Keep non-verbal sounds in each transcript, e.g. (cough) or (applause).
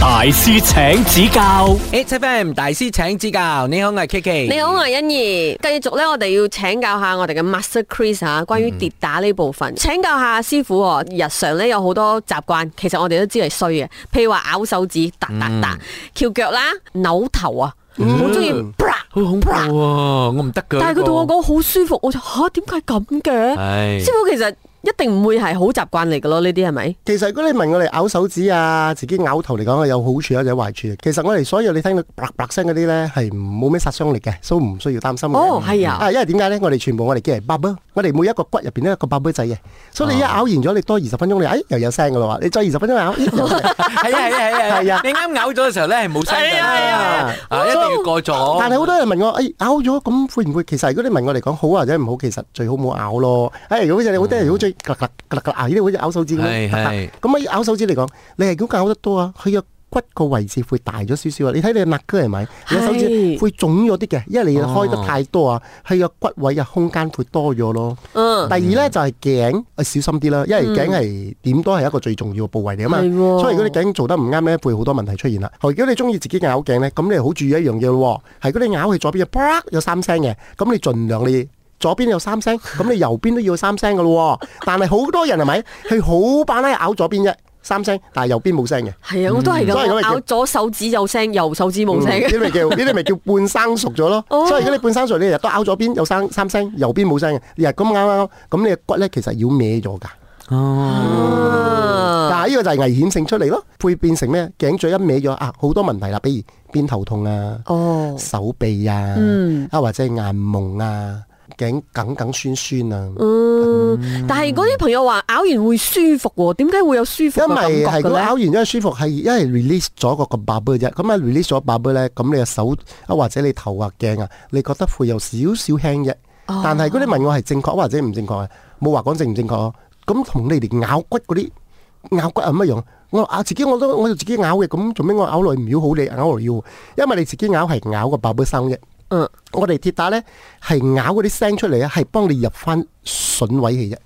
大師請指教，HFM 大師請指教。你好，我係 K K。你好，我係欣宜。繼續咧，我哋要請教下我哋嘅 Master Chris 吓，關於跌打呢部分。嗯、請教下師傅，日常咧有好多習慣，其實我哋都知係衰嘅。譬如話咬手指，噠噠噠，翹腳啦，扭頭啊，好中意，好、嗯嗯呃、恐怖啊！我唔得㗎。但係佢同我講好舒服，啊、我就吓，點解咁嘅？是師傅其實。一定唔會係好習慣嚟㗎咯，呢啲係咪？其實如果你問我哋咬手指啊，自己咬頭嚟講啊，有好處啊，有壞處。其實我哋所有你聽到啪啪聲嗰啲咧，係冇咩殺傷力嘅，所以唔需要擔心。哦，係啊，啊，因為點解咧？我哋全部我哋叫係骨咯，我哋每一個骨入邊都有一個骨杯仔嘅，所以你一咬完咗，你多二十分鐘你，哎，又有聲噶啦嘛，你再二十分鐘咬，係啊係啊係啊，你啱咬咗嘅時候咧係冇聲嘅，係啊係啊，一定要過咗。但係好多人問我，哎，咬咗咁會唔會？其實如果你問我哋講好或者唔好，其實最好冇咬咯。哎，如果真係好多人好中意。格格格格啊！呢啲好似咬手指咁，咁啊咬手指嚟講，你係點解咬得多啊？佢個骨個位置會大咗少少啊！你睇你肋骨係咪？你個手指會腫咗啲嘅，因為你開得太多啊，佢個骨位嘅空間會多咗咯。第二咧就係頸，小心啲啦，因為頸係點都係一個最重要嘅部位嚟啊嘛。所以如果你頸做得唔啱咧，會好多問題出現啦。如果你中意自己咬頸咧，咁你好注意一樣嘢咯，係如果你咬去左邊，有三聲嘅，咁你盡量你，左邊有三聲，咁你右邊都要三聲嘅咯。但係好多人係咪？佢好扮啦，咬左邊啫，三聲，但係右邊冇聲嘅。係啊，我都係噶，咬左手指有聲，右手指冇聲。呢啲咪叫呢啲咪叫半生熟咗咯。所以如果你半生熟，你日日都咬左邊有聲三聲，右邊冇聲嘅日咁啱啱咁，你嘅骨咧其實要歪咗噶。哦，但係呢個就係危險性出嚟咯，會變成咩？頸椎一歪咗啊，好多問題啦，比如邊頭痛啊，哦，手臂啊，嗯，啊或者眼朦啊。頸梗梗酸酸啊！嗯，但係嗰啲朋友話咬完會舒服喎，點解會有舒服？因為係佢咬完，因為舒服係因為 release 咗個個 bubble 啫。咁啊 release 咗 bubble 咧，咁你嘅手啊或者你頭或頸啊，你覺得會有少少輕啫。但係嗰啲問我係正確或者唔正確啊？冇話講正唔正確。咁同你哋咬骨嗰啲咬骨係乜用？我啊自己我都我要自己咬嘅。咁做咩我咬落嚟，唔要好你咬落嚟要？因為你自己咬係咬個 bubble 聲。啫。嗯，我哋鐵打咧係咬嗰啲聲出嚟啊，係幫你入翻筍位嘅啫。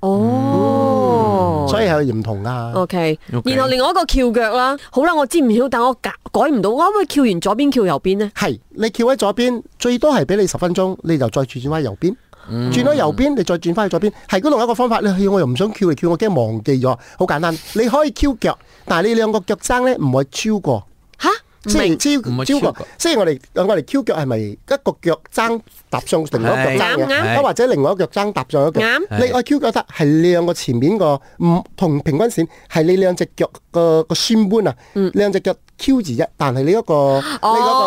哦，所以係唔同噶。O Okay. K，Okay. 然後另外一個翹腳啦，好啦，我知唔曉，但我改唔到，我可唔可以翹完左邊翹右邊呢？係，你翹喺左邊，最多係俾你十分鐘，你就再轉轉翻右邊。嗯、轉咗右邊，你再轉翻去左邊。係咁，同一個方法，你我又唔想翹嚟翹，我驚忘記咗。好簡單，你可以翹腳，但係你兩個腳踭咧唔會超過。吓？即然超超過，雖然我哋我哋 Q 腳係咪一個腳踭踏上另一個腳，或者另外一個腳踭踏上一個？啱，你愛 Q 腳得係你兩個前面個唔同平均線，係你兩隻腳個個宣搬啊，兩隻腳 Q 字一，但係你嗰個你嗰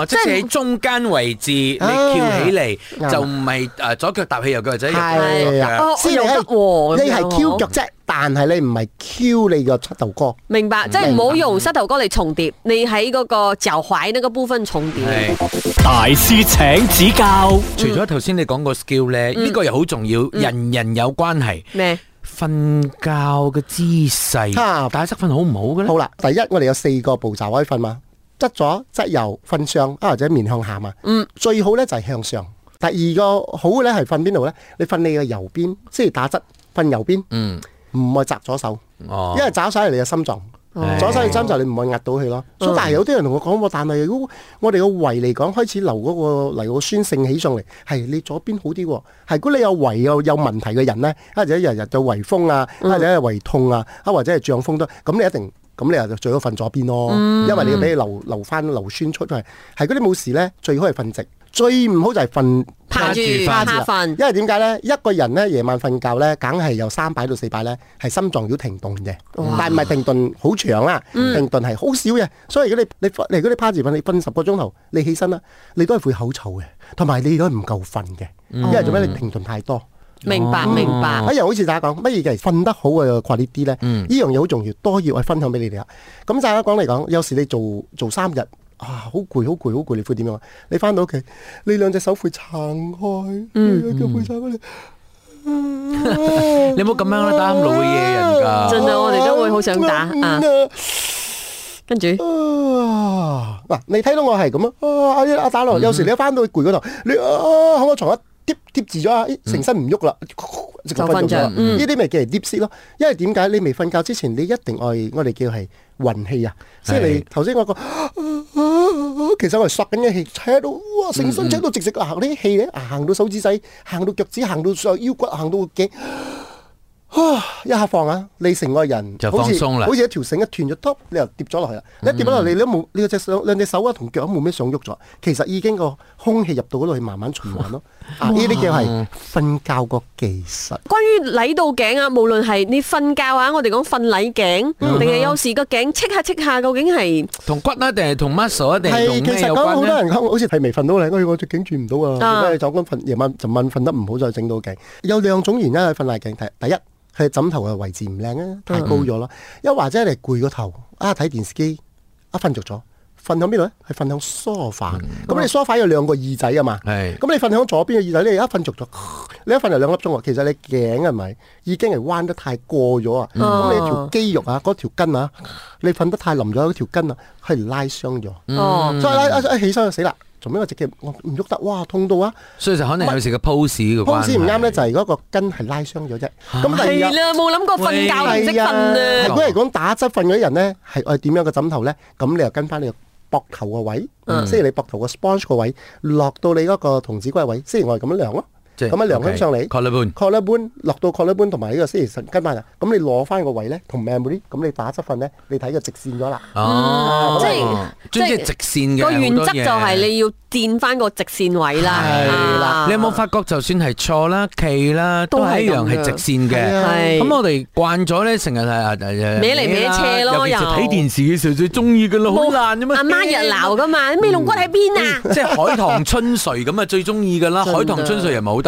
個，即係喺中間位置你翹起嚟就唔係誒左腳踏起右腳，或者右係啊，先你係 Q 腳啫。但係你唔係 Cue 你個膝頭哥，明白。即係唔好用膝頭哥嚟重疊，你喺嗰個腳踝呢個部分重疊。大師請指教。除咗頭先你講個 skill 咧，呢個又好重要，人人有關係咩？瞓覺嘅姿勢啊，打側瞓好唔好嘅咧？好啦，第一我哋有四個步驟可以瞓嘛，側左、側右、瞓上啊，或者面向下嘛。嗯，最好咧就係向上。第二個好嘅咧係瞓邊度咧？你瞓你嘅右邊，即係打側瞓右邊。嗯。唔係扎咗手，因為扎晒你嘅心臟，嗯、左晒嘅針就你唔會壓到佢咯。所以、嗯、但係有啲人同我講、哦，但係如果我哋個胃嚟講，開始流嗰、嗰個嚟個酸性起上嚟，係、哎、你左邊好啲、哦。係如果你有胃有有問題嘅人咧，一、嗯、日日就胃風啊，或者係胃痛啊，啊或者係脹風都、啊，咁、嗯、你一定咁你啊就最好瞓左邊咯，因為你要俾你流流翻流酸出去。係嗰啲冇事咧，最好係瞓直。最唔好就係瞓趴住瞓，因為點解咧？一個人咧夜晚瞓覺咧，梗係由三百到四百咧，係心臟要停頓嘅。哇但係唔係停頓好長啦，哇停頓係好少嘅。所以如果你你，你，你如果你趴住瞓，你瞓十個鐘頭，你起身啦，你都係會口臭嘅，同埋你都係唔夠瞓嘅，嗯、因為做咩你停頓太多。明白明白。啊！又好似大家講乜嘢嘅？瞓得好嘅 quality 呢啲咧，呢樣嘢好重要，多要我分享俾你哋啊。咁大家講嚟講，有時你做做三日。啊！好攰，好攰，好攰！你會點樣？你翻到屋企，你兩隻手會撐開，兩隻腳會撐開。你唔好咁樣打老嘢人噶。真係我哋都會好想打啊！跟住嗱，你睇到我係咁咯。阿阿打落，有時你翻到去攰嗰度，你喺我床啊貼貼住咗啊，成身唔喐啦。就瞓着。嗯，呢啲咪叫嚟跌息咯。因為點解？你未瞓覺之前，你一定愛我哋叫係運氣啊。即係你頭先我個。其實我係索緊啲氣，扯到哇，成身扯到直直行，啲氣咧行到手指仔，行到腳趾，行到腰骨，行到頸。啊哇！一下放啊，你成個人就放鬆啦，好似一條繩一斷咗 top，你又跌咗落去啦。一跌咗落嚟，你都冇，你隻手、兩隻手啊同腳都冇咩想喐咗。其實已經個空氣入到嗰度去慢慢循環咯。啊，呢啲叫係瞓覺個技術。關於捩到頸啊，無論係你瞓覺啊，我哋講瞓捩頸，定係有時個頸戚下戚下，究竟係同骨啊，定係同 muscle 啊，定係同咩？其實好多好多人好似係未瞓到頸，我我隻頸轉唔到啊。咩？就咁瞓夜晚就晚瞓得唔好，再整到頸。有兩種原因係瞓捩頸。第第一。係枕頭嘅位置唔靚啊，太高咗咯。又、嗯、或者你攰過頭啊，睇電視機一瞓着咗，瞓向邊度咧？係瞓向梳化。咁、嗯、你梳化有兩個耳仔啊嘛。係、嗯。咁、嗯、你瞓向左邊嘅耳仔，你一瞓着咗，你一瞓就兩粒鐘啊。其實你頸係咪已經係彎得太過咗啊？咁你條肌肉啊，嗰條筋啊，你瞓得太淋咗，嗰條筋啊，係拉傷咗。哦、嗯，所以一一起身就死啦。死做咩我直接我唔喐得，哇痛到啊！所以就可能有時個 pose 個關，pose 唔啱咧就係嗰個筋係拉傷咗啫。咁係啦，冇諗、啊、過瞓覺係識瞓咧。如果係講打側瞓嗰啲人咧，係我點樣個枕頭咧？咁你又跟翻你個膊頭個位，即係、嗯、你膊頭個 sponge 個位，落到你嗰個童子龜位，雖然我係咁樣量咯。咁啊，涼翻上嚟，扣一半，扣一半，落到扣一半同埋呢個星期神今晚啦。咁你攞翻個位咧，同 memory，咁你打側瞓咧，你睇個直線咗啦。哦，即係即係直線嘅。個原則就係你要墊翻個直線位啦。係啦。你有冇發覺就算係錯啦、企啦，都係一樣係直線嘅。係。咁我哋慣咗咧，成日係係係歪嚟歪斜咯。尤其是睇電視嘅時候最中意嘅啦，好爛啫嘛。阿媽日鬧㗎嘛，咩龍骨喺邊啊？即係海棠春睡咁啊，最中意嘅啦。海棠春睡又唔係好得。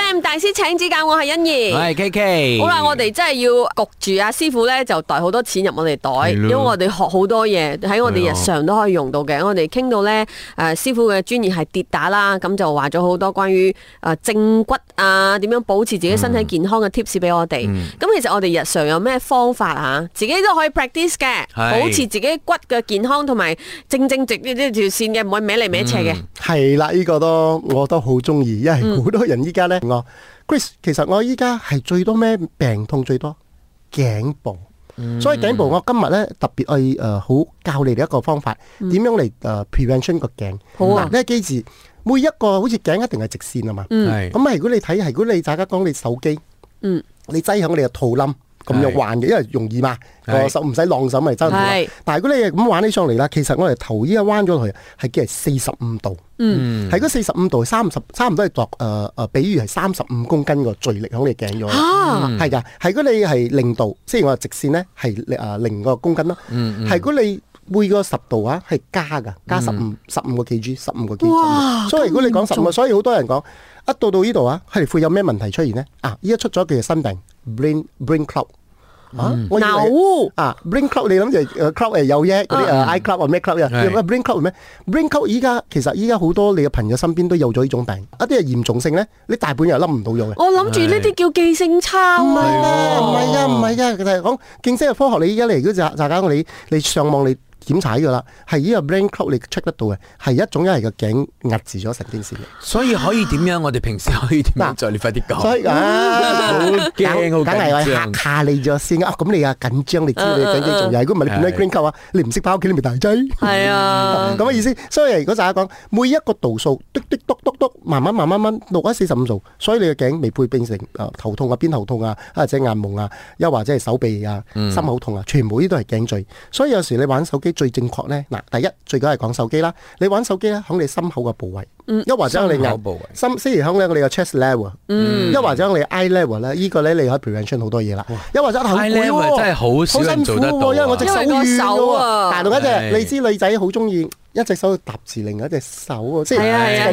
大師請指教，我係欣怡，係 K K。好啦，我哋真係要焗住啊！師傅咧就袋好多錢入我哋袋，的因為我哋學好多嘢喺我哋日常都可以用到嘅。的我哋傾到咧誒、呃，師傅嘅專業係跌打啦，咁、嗯、就話咗好多關於誒、呃、正骨啊，點樣保持自己身體健康嘅 tips 俾、嗯、我哋。咁、嗯嗯嗯、其實我哋日常有咩方法吓，自己都可以 practice 嘅的、呃，保持自己骨嘅健康同埋正正直呢條線嘅，唔會歪嚟歪斜嘅。係啦，呢、這個都我都好中意，因為好多人依家咧 Chris，其實我依家係最多咩病痛最多，頸部，嗯、所以頸部我今日咧特別係誒好教你哋一個方法，點、嗯、樣嚟誒 prevention 個頸。好、呃嗯、啊，呢個機字每一個好似頸一定係直線啊嘛，係咁、嗯嗯、如果你睇係如果你大家講你手機，嗯，你擠響你嘅肚冧。咁又玩嘅，因為容易嘛，是手唔使浪手咪真係。是但係如果你咁玩起上嚟啦，其實我哋頭依家彎咗去，係嘅四十五度。嗯，係嗰四十五度 30,，三十差唔多係度。誒、呃、誒，比如係三十五公斤個墜力喺你頸咗。吓、啊，係噶，係果你係零度，即係我話直線咧，係誒零個公斤啦。嗯，嗯，係果你每個十度啊，係加噶，加十五十五個幾 G，十五個幾。哇！所以如果你講十重，五，所以好多人講。一到到呢度啊，係會有咩問題出現咧？啊，依家出咗嘅新病 brain brain club 啊，腦霧啊 brain club，你諗住誒 club 係有咩嗰啲啊？I club 或咩 club 啊？咩 brain club 咩？brain club 依家其實依家好多你嘅朋友身邊都有咗呢種病，一啲係嚴重性咧，你大半人冧唔到用嘅。我諗住呢啲叫記性差，唔係啊，唔係啊，唔係啊，其實講記性嘅科學。你依家嚟如果大家你你上網你。檢查嘅啦，係呢個 brain fog 你 check 得到嘅，係一種因為個頸壓住咗神經線。所以可以點樣？我哋平時可以點樣做？你快啲講。冇驚好驚。等下我嚇嚇你咗先啊！咁你啊緊張，你知你緊張仲曳，如果唔係你見到 brain fog 啊，你唔識返屋企，你咪大劑。係啊，咁嘅意思。所以如果大家講每一個度數，嘟嘟嘟嘟嘟，慢慢慢慢慢，六一四十五度，所以你嘅頸微背變成啊頭痛啊，邊頭痛啊，或者眼朦啊，又或者係手臂啊、心口痛啊，全部呢都係頸椎。所以有時你玩手機。最正確咧，嗱，第一最緊係講手機啦。你玩手機咧，喺你心口嘅部位，嗯，一或者你哋眼，心雖然喺我哋嘅 chest level，嗯，一或者我哋 eye level 咧，依、呢個咧你可以 prevention 好多嘢啦。一、嗯、或者好攰喎，好辛苦，啊、因為我隻手好痠。但係同一咧，你知女仔好中意。一隻手搭住另外一隻手，即係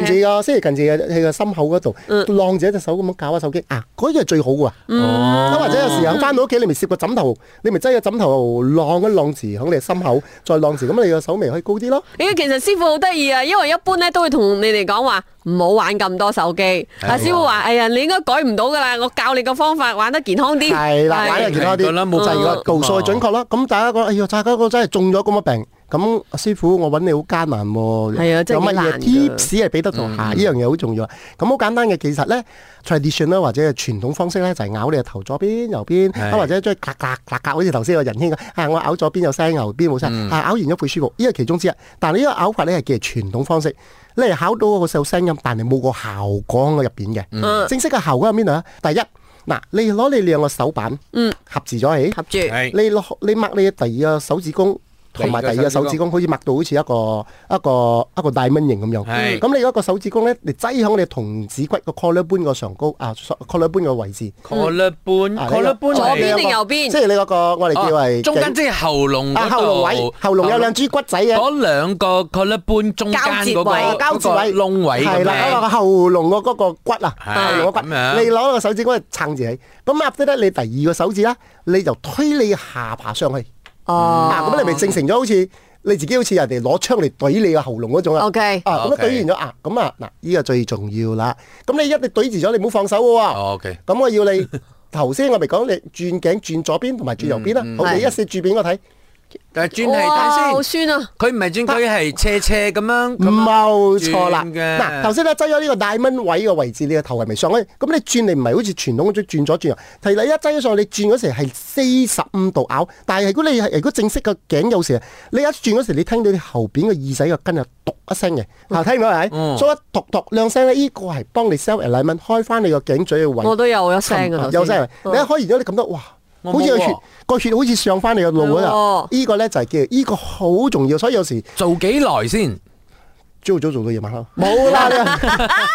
近住個，即係近住喺個心口嗰度，晾住一隻手咁樣搞下手機。啊，嗰啲係最好噶。哦，咁或者有時啊，翻到屋企你咪攝個枕頭，你咪揸個枕頭晾一晾字喺你心口，再晾字咁，你個手咪可以高啲咯。哎，其實師傅好得意啊，因為一般咧都會同你哋講話唔好玩咁多手機。阿師傅話：哎呀，你應該改唔到噶啦，我教你個方法，玩得健康啲。係啦，玩得健康啲。冇錯，道數準確啦。咁大家覺得哎呀，真係中咗咁嘅病。咁、啊，師傅，我揾你好艱難喎、啊。啊，真係難嘅。Tips 係俾得同下，呢、嗯、樣嘢好重要。咁好簡單嘅其實咧，traditional 咧或者係傳統方式咧，就係咬你嘅頭左邊、右邊，是或者將夾咔咔咔好似頭先個仁兄咁。係、哎、我咬左邊，聲邊有聲，右邊冇聲。咬完咗會舒服。呢個其中之一，但係你依個咬法咧係叫做傳統方式，你係咬到個手聲音，但係冇個效果喺入邊嘅。嗯嗯、正式嘅效果喺邊度啊？第一，嗱，你攞你兩個手板，嗯，合住咗起，嗯、合住對，你落你擘你第二個手指公。同埋第二個手指公，好似擘到好似一個一個一個大蚊形咁樣。咁你一個手指公咧，你擠喺你哋同子骨個 collarbone 個上高啊 collarbone 個位置。collarbone 左邊定右邊？即係你嗰個我哋叫係中間即係喉嚨喉嚨位，喉嚨有兩支骨仔啊。嗰兩個 collarbone 中間嗰個位咁樣。嗱，個喉嚨個嗰個骨啊，啊，喉嚨個骨。你攞個手指公撐住起。咁壓低咧，你第二個手指咧，你就推你下爬上去。哦，嗱、oh, okay. 啊，咁你咪正成咗好似你自己好似人哋攞槍嚟對你嘅喉嚨嗰種啊？O Okay . K，啊，咁樣對完咗啊，咁啊，嗱，呢個最重要啦。咁、啊、你一你對住咗，你唔好放手喎、啊。O K，咁我要你頭先 (laughs) 我咪講你轉頸轉左邊同埋轉右邊啦、啊，嗯嗯、好，你一試轉俾我睇。但係轉好酸啊，佢唔係轉，佢係斜斜咁樣，冇錯啦。嗱、啊，頭先咧擠咗呢個大蚊位嘅位置，你個頭位咪上去？咁你轉嚟唔係好似傳統咁轉左轉右，係你一擠咗上，去，你轉嗰時係四十五度拗。但係如果你係如果正式個頸有時，你一轉嗰時你聽到你後邊個耳仔個根、嗯、啊，篤一聲嘅，啊聽到係咪？所以一篤篤兩聲咧，呢、這個係幫你 sell 個大蚊，ignment，開翻你個頸嘴嘅位。我都有一聲，有聲。你一開完咗，你感覺哇。哇哇哇哇哇哇哇好似個血個血好似上翻你個腦咁啊！依、哦、個咧就係叫呢個好重要，所以有時做幾耐先朝早做到夜晚啦。冇啦， (laughs)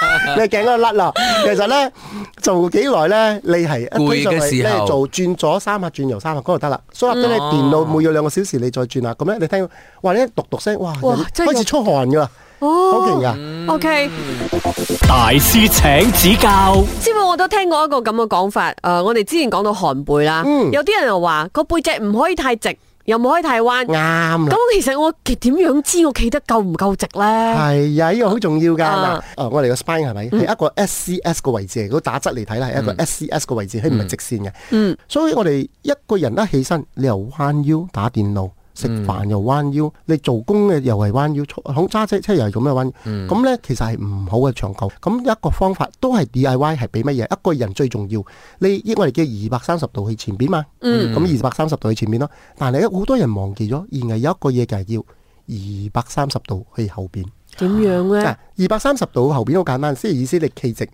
(laughs) 你頸都甩啦。其實咧做幾耐咧，你係攰嘅時候做轉左三下，轉右三下，嗰度得啦。所以話畀你電腦每要兩個小時你再轉下，咁咧你聽到話咧篤篤聲，哇，哇開始出汗噶啦。哦，好勁噶，OK，大師請指教。師傅，我都聽過一個咁嘅講法，誒、呃，我哋之前講到寒背啦，嗯、有啲人又話個背脊唔可以太直，又唔可以太彎。啱咁、嗯、其實我點樣知我企得夠唔夠直咧？係呀，呢個好重要噶。誒、啊啊，我哋個 spine 係咪係一個、SC、S C S 個位置？如果打側嚟睇啦，係一個、SC、S C S 個位置，佢唔係直線嘅。嗯，所以我哋一個人一起身，你又彎腰打電腦。食飯又彎腰，你做工嘅又係彎腰，揸車車又係咁樣彎。咁咧其實係唔好嘅長久。咁一個方法都係 DIY 係俾乜嘢？一個人最重要，你因為我哋叫二百三十度去前邊嘛。咁二百三十度去前邊咯。但係好多人忘記咗，而係有一個嘢就係要二百三十度去後邊。點樣咧？二百三十度後邊好簡單，先係意思你企直，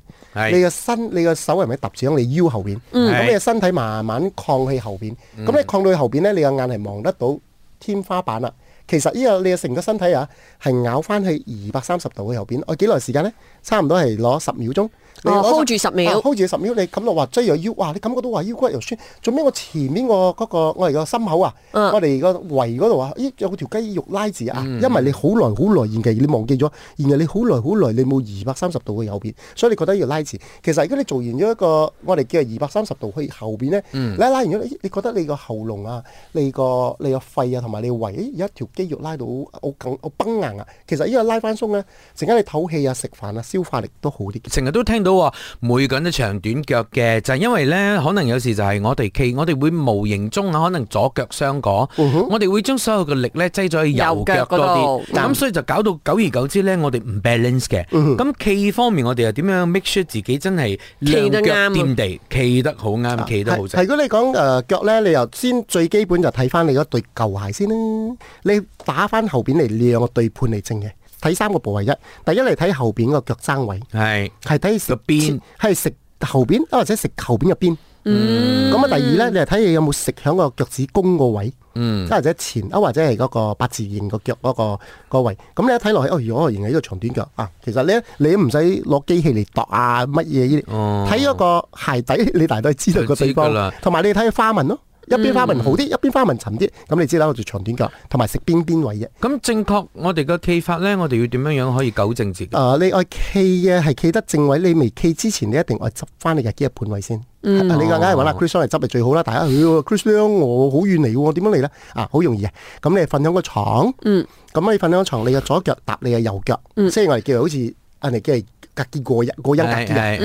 你個身、你個手係咪揼住喺你腰後邊？咁你嘅身體慢慢擴去後邊。咁你擴到去後邊咧，你個眼係望得到天花板啦、啊，其實呢、呢個你嘅成個身體啊，係咬翻去二百三十度嘅後邊，我幾耐時間咧？差唔多係攞十秒鐘。hold、呃、住十秒，hold、嗯、住十秒，你咁落話擠又腰，哇！你感覺到話腰骨又酸，做咩？我前面個嗰、個我哋個心口啊，啊我哋個胃嗰度啊，咦？有條肌肉拉住啊！嗯、因為你好耐好耐，然後你忘記咗，然後你好耐好耐，你冇二百三十度嘅右邊，所以你覺得要拉住。其實如果你做完咗一個我哋叫二百三十度去後邊咧，拉、嗯、拉完咗，你覺得你個喉嚨啊、你個你個肺啊同埋你個胃，有一條肌肉拉到好好崩硬啊！其實依個拉翻鬆咧，成間你唞氣啊，啊、食飯啊、消化力都好啲。成日都聽到。都話每緊都長短腳嘅，就係因為咧可能有時就係我哋企，我哋會無形中啊可能左腳傷過，我哋會將所有嘅力咧擠咗去右腳多啲，咁所以就搞到久而久之咧我哋唔 balance 嘅。咁企方面我哋又點樣 make sure 自己真係企得啱，掂地企得好啱，企得好正。如果你講誒腳咧，你又先最基本就睇翻，你嗰對舊鞋先啦，你打翻後邊嚟，你有個對判嚟正嘅。睇三個部位，一第一嚟睇後邊個腳踭位，係係睇腳邊，係食後邊或者食後邊嘅邊。咁啊，第二咧，你係睇你有冇食響個腳趾弓個位，即係或者前啊，或者係嗰個八字形腳、嗰個腳嗰個位。咁你一睇落去，哦，如果我原來都長短腳啊，其實咧你唔使攞機器嚟度啊乜嘢呢啲，睇嗰個鞋底，你大都知道個地方，同埋你睇下花紋咯。嗯、一邊花紋好啲，一邊花紋沉啲，咁、嗯嗯、你知啦。我做長短腳，同埋食邊邊位嘅。咁、嗯、正確，我哋嘅企法咧，我哋要點樣樣可以糾正自己？啊、呃，你愛企嘅係企得正位。你未企之前，你一定愛執翻你日幾日半位先。嗯、你講梗係揾啦，Chris Leong 嚟執係最好啦。大家佢、哎、Chris Leong 我好遠嚟喎，點樣嚟咧？啊，好容易啊。咁你瞓響個床，嗯，咁你瞓響床，你嘅左腳搭你嘅右腳，即係我哋叫好似阿尼基。嗯 (music) 過一過一夾、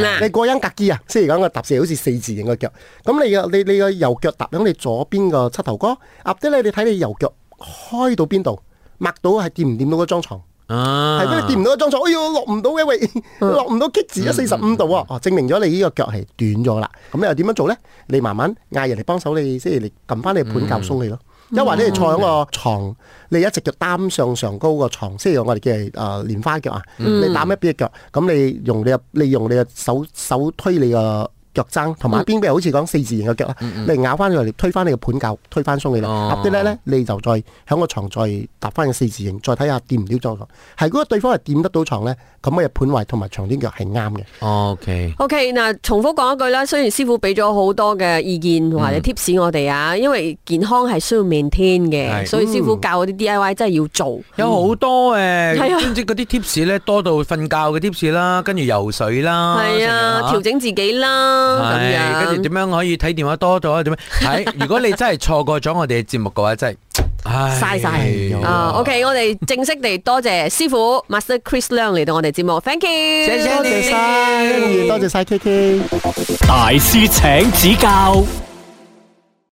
啊、你過一格肌啊，即係講個搭字好似四字形嘅腳，咁你個你你個右腳踏響你左邊個膝頭哥，阿爹咧，你睇你右腳開到邊度，抹到係掂唔掂到嗰張床，係咪掂唔到嗰張床？哎喲，落唔到嘅。喂，落唔到棘字啊，四十五度哦，證明咗你呢個腳係短咗啦。咁又點樣做咧？你慢慢嗌人哋幫手，你即係你撳翻你盤骨鬆你咯。嗯因為你坐喺個床，你一直就擔上，上上高個床，即係我哋叫誒蓮花腳啊！你擔一邊腳，咁你用你，你用你嘅手手推你個。腳踭同埋邊邊好似講四字形嘅腳啊，你咬翻佢推翻你個盤教，推翻鬆佢啦。啲咧咧，你就再喺個床再搭翻個四字形，再睇下掂唔掂床。係如果對方係掂得到床咧，咁我嘅盤位同埋床天腳係啱嘅。OK OK 嗱，重複講一句啦。雖然師傅俾咗好多嘅意見同埋 tips 我哋啊，因為健康係需要 maintain 嘅，所以師傅教嗰啲 DIY 真係要做。有好多誒，甚至嗰啲 tips 咧多到瞓覺嘅 tips 啦，跟住游水啦，係啊，調整自己啦。係，跟住點樣可以睇電話多咗？點樣？係，如果你真係錯過咗我哋嘅節目嘅話，真係，唉，嘥晒。OK，我哋正式地多謝師傅 Master Chris Leong 嚟到我哋節目，Thank you，多謝晒，多謝晒，多謝晒，KK，大師請指教。